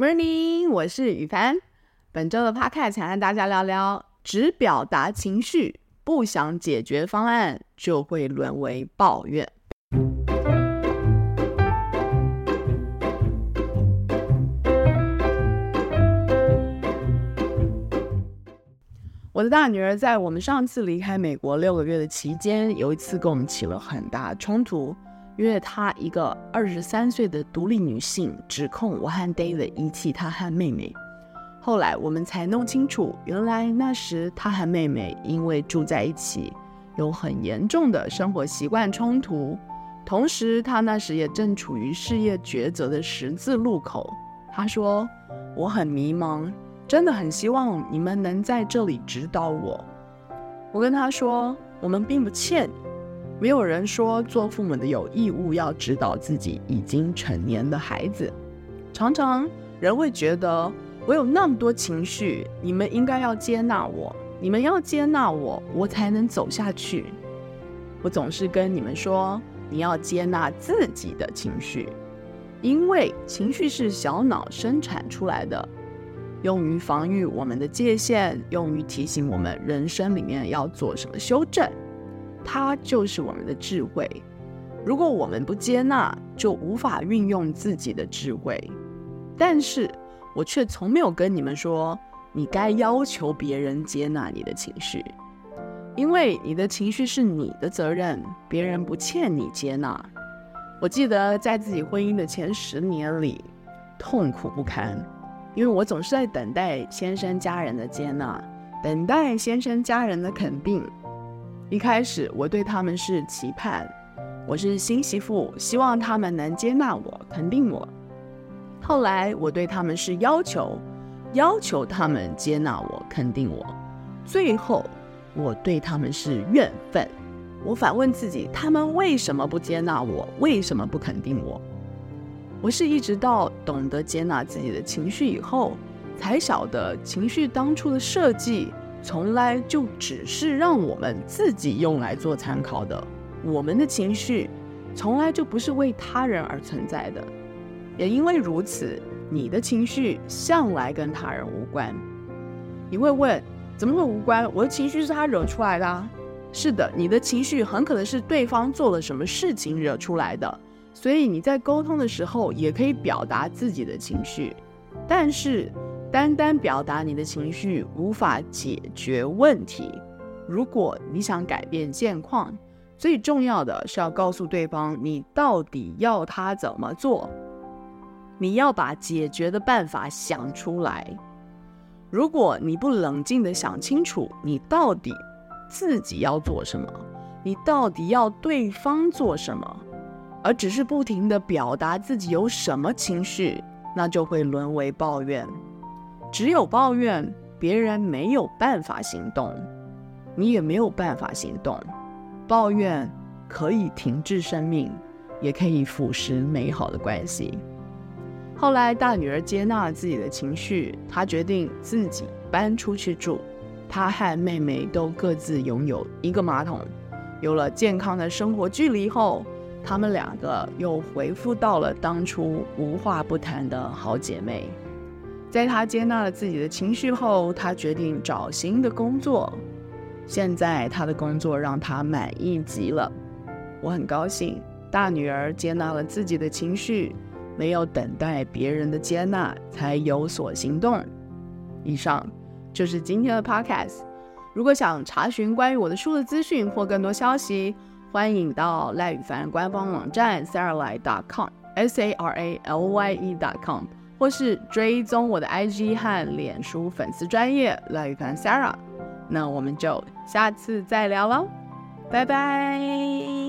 Morning，我是宇凡。本周的 podcast 想和大家聊聊：只表達情緒，不想解決方案，就會淪為抱怨。 我的大女兒在我們上次離開美國六個月的期間，有一次跟我們起了很大衝突。因為她一個二十三歲的獨立女性，指控我和 David 遺棄她和妹妹。後來我們才弄清楚，原來那時她和妹妹因為住在一起，有很嚴重的生活習慣衝突，同時她那時也正處於事業抉擇的十字路口。她說我很迷茫，真的很希望你們能在這裡指導我。我跟她說，我們並不欠你沒有人說做父母的有義務要指導自己已經成年的孩子。常常人會覺得我有那麼多情緒，你們應該要接納我，你們要接納我，我才能走下去。我總是跟你們說，你要接納自己的情緒，因為情緒是小腦生產出來的，用於防禦我們的界限，用於提醒我們人生裡面要做什麼修正。它就是我們的智慧。如果我們不接納，就無法運用自己的智慧。但是，我卻從沒有跟你們說，你該要求別人接納你的情緒，因為你的情緒是你的責任，別人不欠你接納。我記得在自己婚姻的前十年裡，痛苦不堪，因為我總是在等待先生家人的接納，等待先生家人的肯定。一開始我對他們是期盼，我是新媳婦，希望他們能接納我、肯定我。後來我對他們是要求，要求他們接納我、肯定我。最後我對他們是怨憤，我反問自己，他們為什麼不接納我？為什麼不肯定我？我是一直到懂得接納自己的情緒以後，才曉得情緒當初的設計，從來就只是讓我們自己用來做參考的。我們的情緒，從來就不是為他人而存在的。也因為如此，你的情緒向來跟他人無關。你會問，怎麼會無關？我的情緒是他惹出來的啊。是的，你的情緒很可能是對方做了什麼事情惹出來的。所以你在溝通的時候也可以表達自己的情緒，但是。單單表達你的情緒，無法解決問題。如果你想改變現況，最重要的是要告訴對方你到底要他怎麼做。你要把解決的辦法想出來。如果你不冷靜地想清楚你到底自己要做什麼，你到底要對方做什麼，而只是不停地表達自己有什麼情緒，那就會淪為抱怨。只有抱怨，別人沒有辦法行動，你也沒有辦法行動。抱怨可以停滯生命，也可以腐蝕美好的關係。後來，大女兒接納了自己的情緒，她決定自己搬出去住。她和妹妹都各自擁有一個馬桶。有了健康的生活距離後，她們兩個又回復到了當初無話不談的好姐妹。在他接納了自己的情緒後，他決定找新的工作。現在他的工作讓他滿意極了。我很高興，大女兒接納了自己的情緒，沒有等待別人的接納才有所行動。以上就是今天的 podcast。如果想查詢關於我的書的資訊或更多消息，歡迎到賴宇凡官方網站 saralye.com，S-A-R-A-L-Y-E.com。或是追蹤我的 IG 和臉書粉絲專頁賴宇凡 Sara，那我們就下次再聊嘍，拜拜。